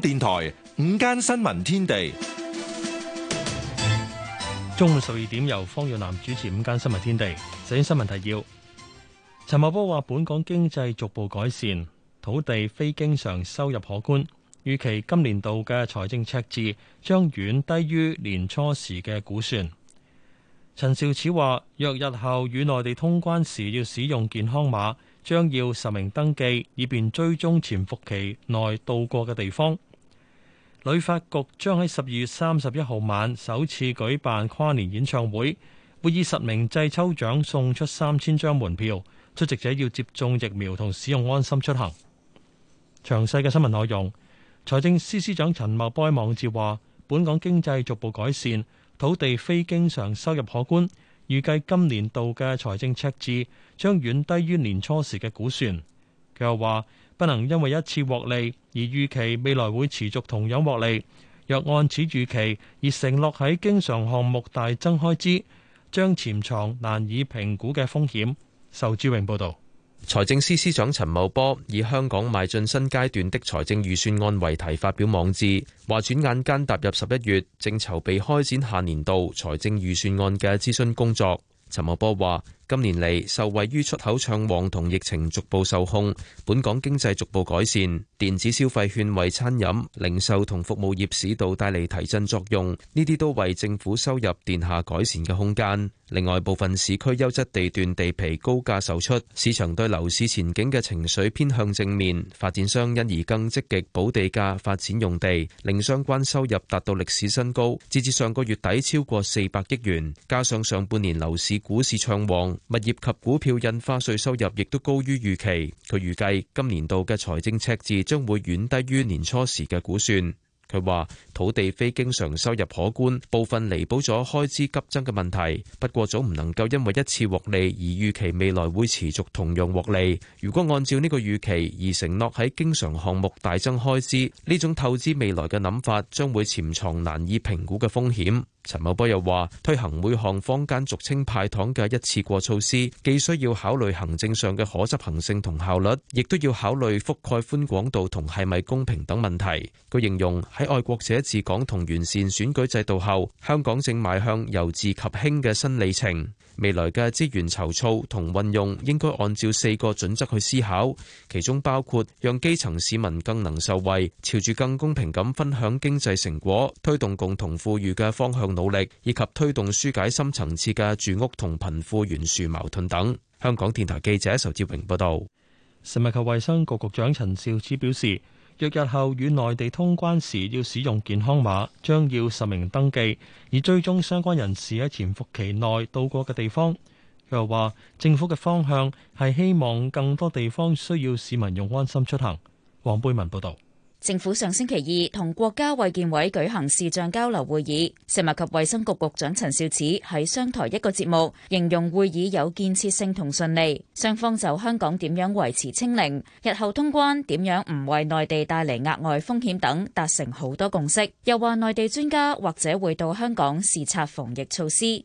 電台午間新聞天地，中午十二點由方若南主持《午間新聞天地》。首先新聞提要：陳茂波話，本港經濟逐步改善，土地非經常收入可觀，預期今年度嘅財政赤字將遠低於年初時嘅估算。陳肇始話，若日後與內地通關時要使用健康碼，將要實名登記，以便追蹤潛伏期內到過嘅地方。旅發局將喺十二月三十一號晚首次舉辦跨年演唱會，會以實名制抽獎送出三千張門票，出席者要接種疫苗同使用安心出行。詳細嘅新聞內容，財政司司長陳茂波喺網誌話：本港經濟逐步改善，土地非經常收入可觀，預計今年度嘅財政赤字將遠低於年初時嘅估算。佢又話。不能因為一次獲利而預期未來會持續同樣獲利。若按此預期而承諾喺經常項目大增開支，將潛藏難以評估嘅風險。仇志榮報導。財政司司長陳茂波以香港邁進新階段的財政預算案為題發表網誌，話轉眼間踏入十一月，正籌備開展下年度財政預算案嘅諮詢工作。陳茂波話：今年嚟受惠於出口暢旺同疫情逐步受控，本港經濟逐步改善，電子消費券為餐飲、零售同服務業市道帶嚟提振作用，呢啲都為政府收入墊下改善嘅空間。另外，部分市區優質地段地皮高價售出，市場對樓市前景嘅情緒偏向正面，發展商因而更積極補地價發展用地，令相關收入達到歷史新高，截至上個月底超過四百億元，加上上半年樓市，股市暢旺，物業及股票印花稅收入亦都高於預期。佢預計今年度嘅財政赤字將會遠低於年初時嘅估算。佢話土地非經常收入可觀，部分彌補咗開支急增嘅問題，不過總唔能夠因為一次獲利而預期未來會持續同樣獲利。如果按照呢個預期而承諾喺經常項目大增開支，呢種透支未來嘅諗法將會潛藏難以評估嘅風險。陳茂波又話推行每項坊間俗稱派糖嘅一次過措施，既需要考慮行政上嘅可執行性同效率，亦都要考慮覆蓋寬廣度同係咪公平等問題。佢形容。喺愛國者治港同完善選舉制度後，香港正邁向由治及興嘅新里程。未來嘅資源籌措同運用，應該按照四個準則去思考，其中包括讓基層市民更能受惠，朝住更公平咁分享經濟成果，推動共同富裕嘅方向努力，以及推動紓解深層次嘅住屋同貧富懸殊矛盾等。香港電台記者仇志榮報道。食物及衛生局局長陳肇始表示。若日後與內地通關時要使用健康碼，將要實名登記，以追蹤相關人士喺潛伏期內到過嘅地方。佢又話政府嘅方向係希望更多地方需要市民用安心出行。黃貝文報道。政府上星期二同國家衛健委舉行視像交流會議，食物及衛生局局長陳肇始喺商台一個節目形容會議有建設性同順利，雙方就香港點樣維持清零、日後通關點樣唔為內地帶嚟額外風險等達成好多共識，又話內地專家或者會到香港視察防疫措施。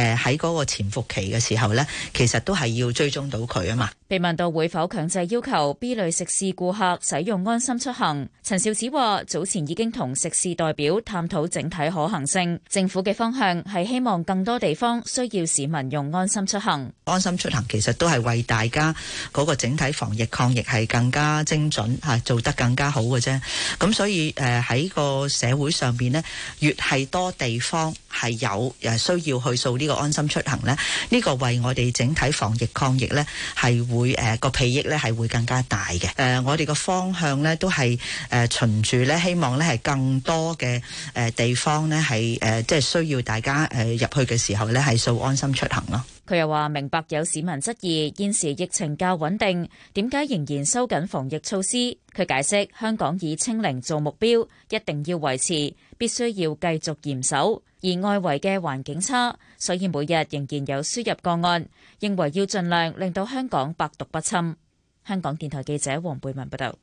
誒喺嗰個潛伏期嘅時候咧，其實都係要追蹤到佢啊嘛。被問到會否強制要求 B 類食肆顧客使用安心出行，陳肇始話：早前已經同食肆代表探討整體可行性。政府嘅方向係希望更多地方需要市民用安心出行。安心出行其實都係為大家嗰個整體防疫抗疫係更加精準，嚇，做得更加好嘅啫。咁所以誒喺個社會上邊呢，越係多地方係有誒需要去掃呢個安心出行呢，呢、呢個為我哋整體防疫抗疫呢係會。會誒個裨益咧係會更加大嘅，誒我哋個方向咧都係誒循住咧希望咧係更多嘅誒地方咧係誒即係需要大家誒入去嘅時候咧係掃安心出行啦。佢又話明白有市民質疑現時疫情較穩定，點解仍然收緊防疫措施？佢解釋香港以清零做目標，一定要維持，必須要繼續嚴守。而外圍嘅環境差，所以每日仍然有輸入個案，認為要盡量令到香港百毒不侵。香港電台記者黃貝文報道。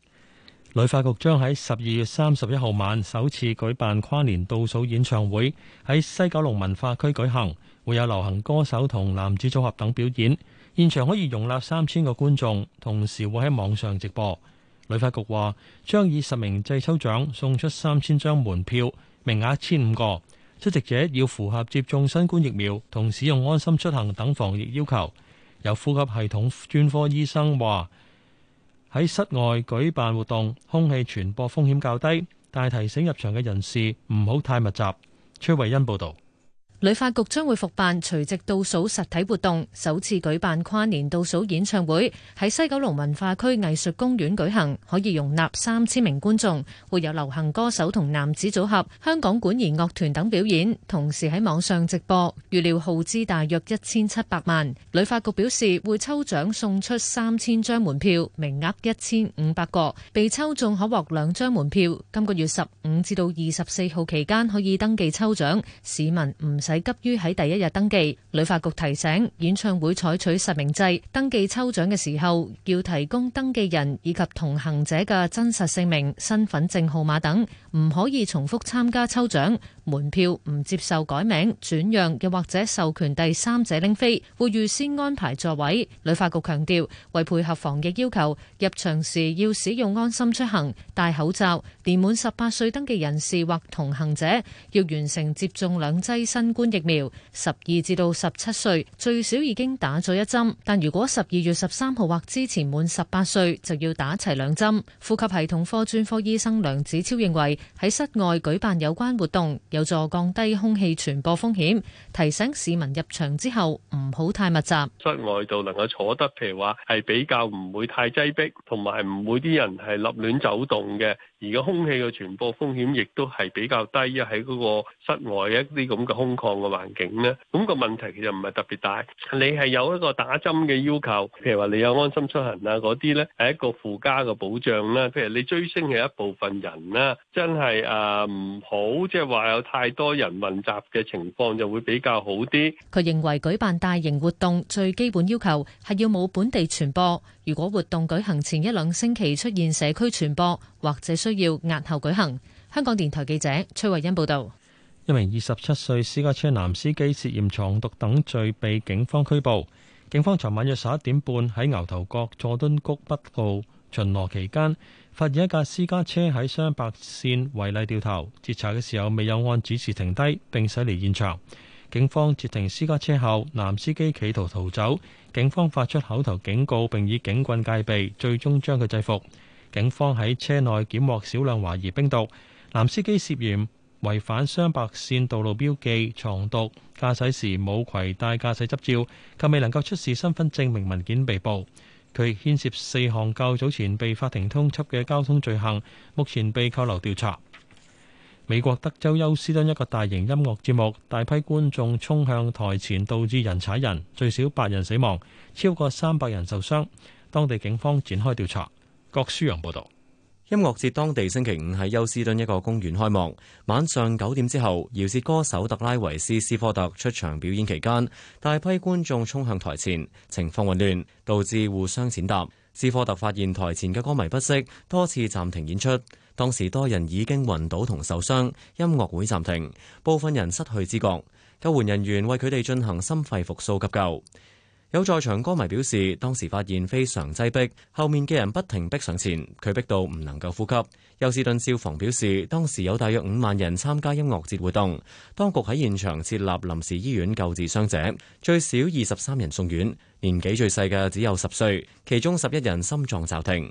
旅發局將喺十二月三十一號晚首次舉辦跨年倒數演唱會，喺西九龍文化區舉行，會有流行歌手同男子組合等表演。現場可以容納三千個觀眾，同時會喺網上直播。旅發局話將以十名制抽獎送出三千張門票，名額千五個。出席者要符合接種新冠疫苗同使用安心出行等防疫要求。有呼吸系統專科醫生話：喺室外舉辦活動，空氣傳播風險較低，但提醒入場嘅人士唔好太密集。崔慧欣報道。旅發局將會復辦除夕倒數實體活動，首次舉辦跨年倒數演唱會，喺西九龍文化區藝術公園舉行，可以容納三千名觀眾，會有流行歌手同男子組合、香港管弦樂團等表演，同時喺網上直播。預料耗資大約一千七百萬。旅發局表示會抽獎送出三千張門票，名額一千五百個，被抽中可獲兩張門票。今個月十五至到二十四號期間可以登記抽獎，市民唔使急於喺第一日登記，旅發局提醒，演唱會採取實名制登記抽獎嘅時候，要提供登記人以及同行者嘅真實姓名、身份證號碼等，唔可以重複參加抽獎。門票唔接受改名、轉讓又或者授權第三者拎飛。會預先安排座位。旅發局強調，為配合防疫要求，入場時要使用安心出行、戴口罩。年滿十八歲登記人士或同行者要完成接種兩劑新冠疫苗。十二至到十七歲最少已經打咗一針，但如果十二月十三號或之前滿十八歲就要打齊兩針。呼吸系統科專科醫生梁子超認為喺室外舉辦有關活動，有助降低空氣傳播風險，提醒市民入場之後唔好太密集。室外就能夠坐得，譬如話係比較唔會太擠逼，同埋唔會啲人係立亂走動嘅。而個空氣嘅傳播風險亦都係比較低，因為喺嗰個室外一啲咁嘅空曠嘅環境咧。咁個問題其實唔係特別大。你係有一個打針嘅要求，譬如話你有安心出行啊嗰啲咧，係一個附加嘅保障啦。譬如你追星嘅一部分人啦，真係誒唔好，即係話有。太多人混雜嘅情況就會比較好啲。佢認為舉辦大型活動最基本要求係要冇本地傳播。如果活動舉行前一兩星期出現社區傳播，或者需要押後舉行。香港電台記者崔慧欣報道，一名二十七歲私家車男司機涉嫌藏毒等罪被警方拘捕。警方昨晚約十一點半喺牛頭角佐敦谷北部，巡邏期間，發現一架私家車喺雙白線違例掉頭，截查嘅時候未有按指示停低並駛離現場。警方截停私家車後，男司機企圖逃走，警方發出口頭警告並以警棍戒備，最終將佢制服。警方喺車內檢獲少量懷疑冰毒，男司機涉嫌違反雙白線道路標記、藏毒、駕駛時冇攜帶駕駛執照及未能夠出示身份證明文件被捕。佢牽涉四項較早前被法庭通緝嘅交通罪行，目前被扣留調查。美國德州休斯敦一個大型音樂節目，大批觀眾衝向台前，導致人踩人，最少八人死亡，超過三百人受傷。當地警方展開調查。郭舒陽報導。音樂節當地星期五喺休斯敦一個公園開幕，晚上九點之後，饒舌歌手特拉維斯斯科特出場表演期間，大批觀眾衝向台前，情況混亂，導致互相踐踏。斯科特發現台前嘅歌迷不適，多次暫停演出。當時多人已經暈倒同受傷，音樂會暫停，部分人失去知覺，救援人員為佢哋進行心肺復甦急救。有在場歌迷表示，當時發現非常擠迫，後面嘅人不停逼上前，佢逼到唔能夠呼吸。休士頓消防表示，當時有大約五萬人參加音樂節活動，當局喺現場設立臨時醫院救治傷者，最少二十三人送院，年紀最細嘅只有十歲，其中十一人心臟驟停。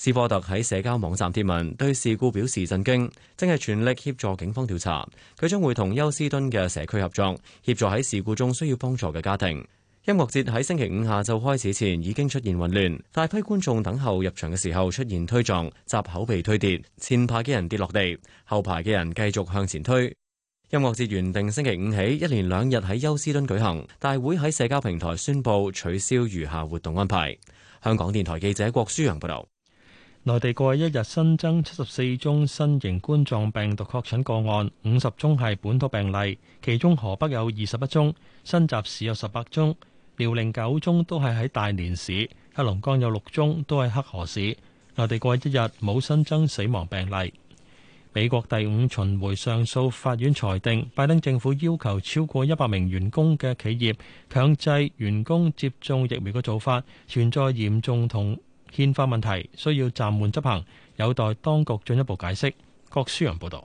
斯波特喺社交網站貼文，對事故表示震驚，正係全力協助警方調查。佢將會同休斯敦嘅社區合作，協助喺事故中需要幫助嘅家庭。音樂節喺星期五下晝開始前已經出現混亂，大批觀眾等候入場嘅時候出現推撞，閘口被推跌，前排嘅人跌落地，後排嘅人繼續向前推。音樂節原定星期五起一連兩日喺休斯敦舉行，大會喺社交平台宣布取消餘下活動安排。香港電台記者郭舒揚報道。內地過去一日新增七十四宗新型冠狀病毒確診個案，五十宗係本土病例，其中河北有二十一宗，新集市有十八宗，遼寧九宗都係喺大連市，黑龍江有六宗都係黑河市。內地過去一日冇新增死亡病例。美國第五巡迴上訴法院裁定，拜登政府要求超過一百名員工嘅企業強制員工接種疫苗嘅做法存在嚴重同憲法問題，需要暫緩執行，有待當局進一步解釋。郭書洋報道。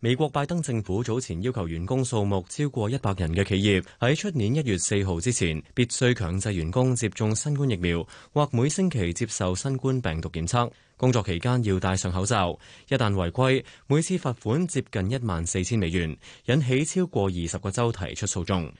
美國拜登政府早前要求員工數目超過一百人嘅企業喺出年一月四號之前，必須強制員工接種新冠疫苗或每星期接受新冠病毒檢測，工作期間要戴上口罩。一旦違規，每次罰款接近一萬四千美元，引起超過二十個州提出訴訟。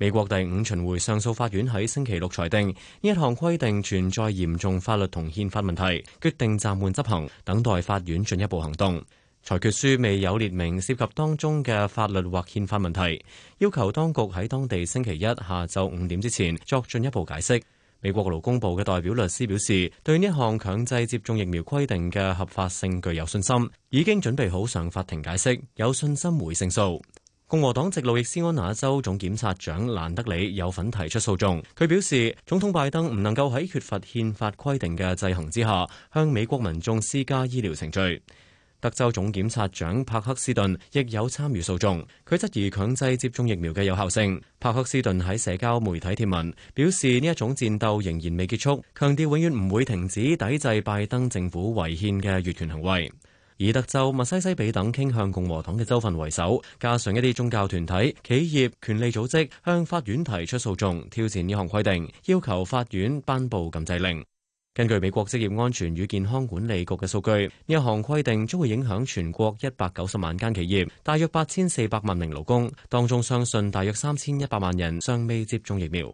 美國第五巡回上訴法院喺星期六裁定，呢一項規定存在嚴重法律同憲法問題，決定暫緩執行，等待法院進一步行動。裁決書未有列明涉及當中嘅法律或憲法問題，要求當局喺當地星期一下晝五點之前作進一步解釋。美國勞工部嘅代表律師表示，對呢一項強制接種疫苗規定嘅合法性具有信心，已經準備好上法庭解釋，有信心會勝訴。共和黨籍路易斯安那州總檢察長蘭德里有份提出訴訟，佢表示總統拜登唔能夠喺缺乏憲法規定嘅制衡之下，向美國民眾施加醫療程序。德州總檢察長帕克斯頓亦有參與訴訟，佢質疑強制接種疫苗嘅有效性。帕克斯頓喺社交媒體貼文表示，呢一種戰鬥仍然未結束，強調永遠唔會停止抵制拜登政府違憲嘅越權行為。以德州、密西西比等傾向共和黨嘅州份為首，加上一啲宗教團體、企業權力組織向法院提出訴訟，挑戰呢項規定，要求法院頒布禁制令。根據美國職業安全與健康管理局嘅數據，呢一項規定將會影響全國一百九十萬間企業、大約八千四百萬名勞工，當中相信大約三千一百萬人尚未接種疫苗。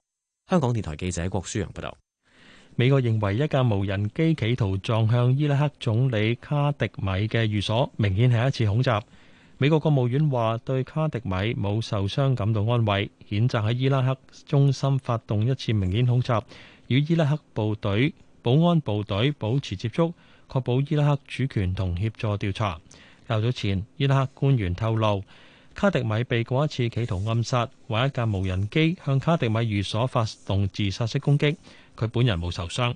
香港電台記者郭舒陽報道。美國認為一架無人機企圖撞向伊拉克總理卡迪米嘅寓所，明顯係一次恐襲。美國國務院話對卡迪米冇受傷感到安慰，譴責喺伊拉克中心發動一次明顯恐襲，與伊拉克部隊、保安部隊保持接觸，確保伊拉克主權同協助調查。較早前，伊拉克官員透露，卡迪米被過一次企圖暗殺，為一架無人機向卡迪米寓所發動自殺式攻擊。佢本人冇受傷。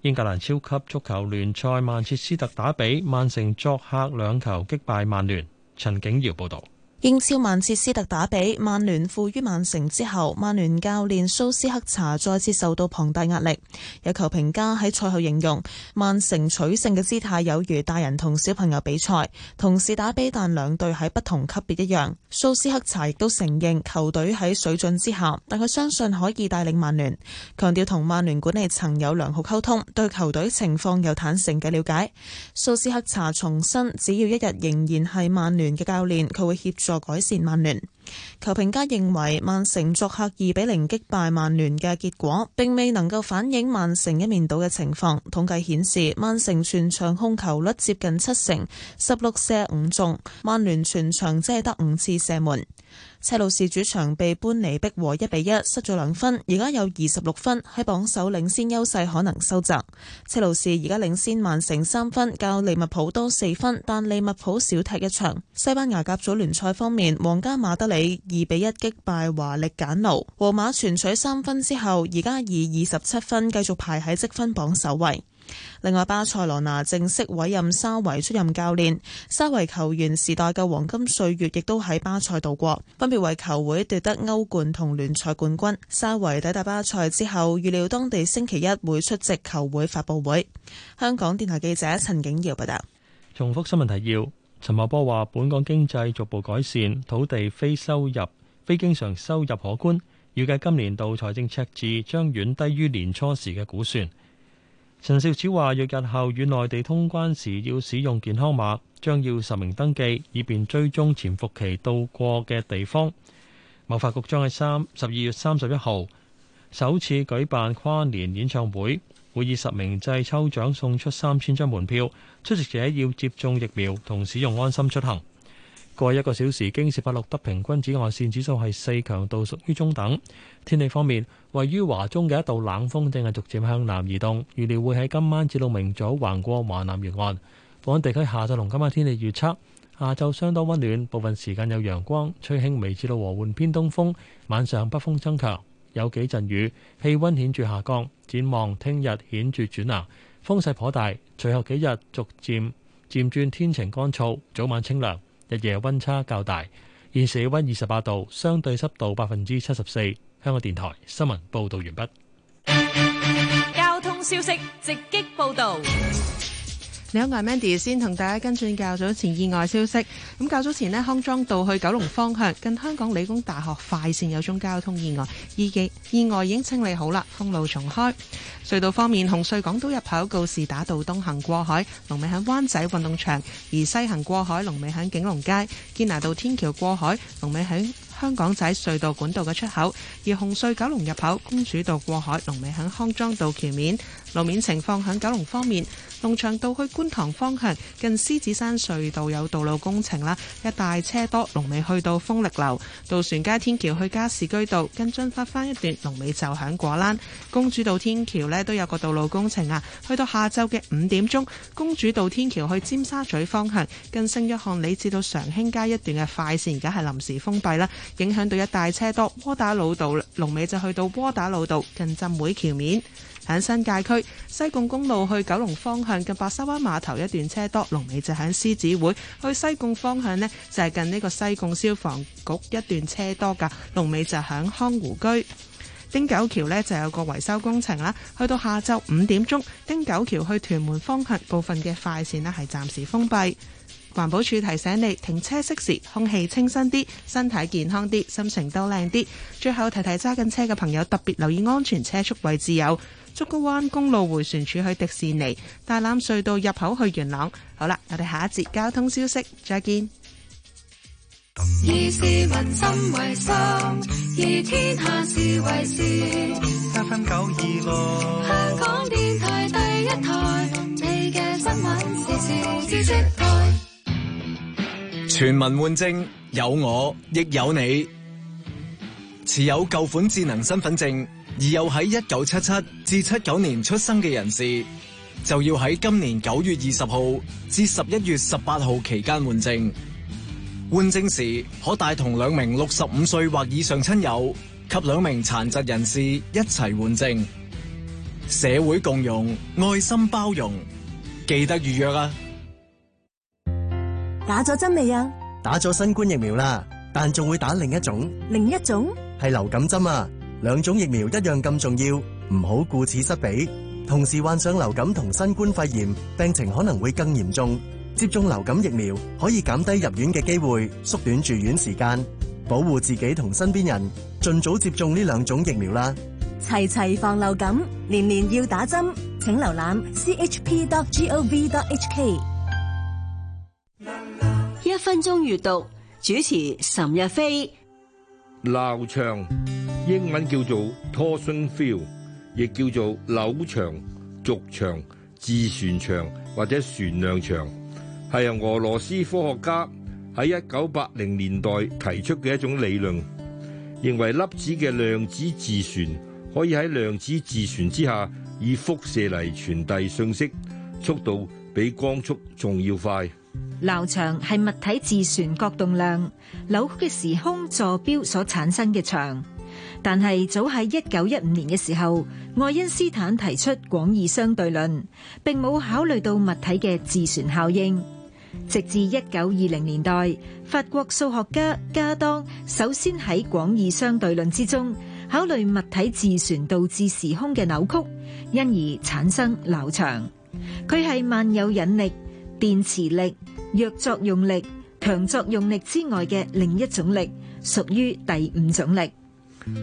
英格蘭超級足球聯賽曼徹斯特打比，曼城作客兩球擊敗曼聯。陳景瑤報道。英超曼徹斯特打比，曼聯負於曼城之後，曼聯教練蘇斯克查再次受到龐大壓力。有球評家喺賽後形容，曼城取勝嘅姿態有如大人同小朋友比賽，同時打比，但兩隊喺不同級別一樣。蘇斯克查亦都承認球隊喺水準之下，但佢相信可以帶領曼聯，強調同曼聯管理層有良好溝通，對球隊情況有坦誠嘅了解。蘇斯克查重申，只要一日仍然係曼聯嘅教練，佢會協助。改善曼聯。曼聯球評家認為，曼城作客二比零擊敗曼聯嘅結果，並未能夠反映曼城一面倒嘅情況。統計顯示，曼城全場控球率接近七成，十六射五中，曼聯全場只係得五次射門。車路士主場被般尼逼和一比一，失咗兩分，而家有二十六分喺榜首領先優勢可能收窄。車路士而家領先曼城三分，較利物浦多四分，但利物浦少踢一場。西班牙甲組聯賽方面，皇家馬德里二比一擊敗華力簡奴，皇馬全取三分之後，而家以二十七分繼續排喺積分榜首位。另外，巴塞羅那正式委任沙維出任教練。沙維球員時代嘅黃金歲月亦都喺巴塞度過，分別為球會奪得歐冠同聯賽冠軍。沙維抵達巴塞之後，預料當地星期一會出席球會發布會。香港電台記者陳景耀報道。重複新聞提要：陳茂波話，本港經濟逐步改善，土地非收入、非經常收入可觀，預計今年度財政赤字將遠低於年初時嘅估算。陳肇始話：若日後與內地通關時要使用健康碼，將要實名登記，以便追蹤潛伏期到過嘅地方。文化局將喺十二月三十一號首次舉辦跨年演唱會，會以實名制抽獎送出三千張門票，出席者要接種疫苗同使用安心出行。過一個小時，京士柏錄得平均紫外線指數係四強度，屬於中等。天氣方面，位於華中嘅一道冷風正係逐漸向南移動，預料會喺今晚至到明早橫過華南沿岸。本港地區下晝同今晚天氣預測，下晝相當温暖，部分時間有陽光，吹輕微至到和緩偏東風。晚上北風增強，有幾陣雨，氣温顯著下降。展望聽日顯著轉冷、啊，風勢頗大。隨後幾日逐漸漸轉天晴乾燥，早晚清涼。日夜温差較大，現時氣温二十八度，相對濕度百分之七十四。香港電台新聞報道完畢。交通消息直擊報道。你好，我係 Mandy，先同大家跟進較早前意外消息。咁較早前呢，康莊道去九龍方向近香港理工大學快線有宗交通意外，意記意外已經清理好啦，封路重開。隧道方面，紅隧港島入口告士打道東行過海，龍尾喺灣仔運動場；而西行過海，龍尾喺景隆街。堅拿道天橋過海，龍尾喺香港仔隧道管道嘅出口；而紅隧九龍入口公主道過海，龍尾喺康莊道橋面。路面情況喺九龍方面，龍翔道去觀塘方向近獅子山隧道有道路工程啦，一大車多，龍尾去到豐力樓。渡船街天橋去加士居道跟進發翻一段，龍尾就喺果欄。公主道天橋咧都有個道路工程啊。去到下晝嘅五點鐘，公主道天橋去尖沙咀方向更聖一翰你至到常興街一段嘅快線，而家係臨時封閉啦，影響到一大車多。窩打老道，龍尾就去到窩打老道近浸會橋面。喺新界區西貢公路去九龍方向近白沙灣碼頭一段車多，龍尾就喺獅子會；去西貢方向呢，就係近呢個西貢消防局一段車多㗎，龍尾就喺匡湖居。汀九橋呢就有個維修工程啦，去到下晝五點鐘，汀九橋去屯門方向部分嘅快線呢係暫時封閉。環保處提醒你，停車熄匙，空氣清新啲，身體健康啲，心情都靚啲。最後提提揸緊車嘅朋友，特別留意安全車速位置。有竹篙灣公路回旋處去迪士尼、大欖隧道入口去元朗。好啦，我哋下一節交通消息，再見。以全民換證，有我亦有你。持有舊款智能身份證而又喺一九七七至七九年出生嘅人士，就要喺今年九月二十號至十一月十八號期間換證。換證時可帶同兩名六十五歲或以上親友及兩名殘疾人士一齊換證。社會共融，愛心包容，記得預約啊！打咗針未啊？打咗新冠疫苗啦，但仲會打另一種。另一種係流感針啊！兩種疫苗一樣咁重要，唔好顧此失彼。同時患上流感同新冠肺炎，病情可能會更嚴重。接種流感疫苗可以減低入院嘅機會，縮短住院時間，保護自己同身邊人。盡早接種呢兩種疫苗啦！齊齊防流感，年年要打針。請瀏覽 chp.gov.hk。分鐘閱讀，主持岑日飛。撓場英文叫做 Torsion Field，亦叫做扭場、軸場、自旋場或者旋量場，係由俄羅斯科學家喺一九八零年代提出嘅一種理論，認為粒子嘅量子自旋可以喺量子自旋之下以輻射嚟傳遞信息，速度比光速仲要快。撓場係物體自旋角動量扭曲嘅時空坐標所產生嘅場，但係早喺一九一五年嘅時候，愛因斯坦提出廣義相對論，並冇考慮到物體嘅自旋效應。直至一九二零年代，法國數學家加當首先喺廣義相對論之中考慮物體自旋導致時空嘅扭曲，因而產生撓場。佢係萬有引力。電磁力、弱作用力、強作用力之外嘅另一種力，屬於第五種力。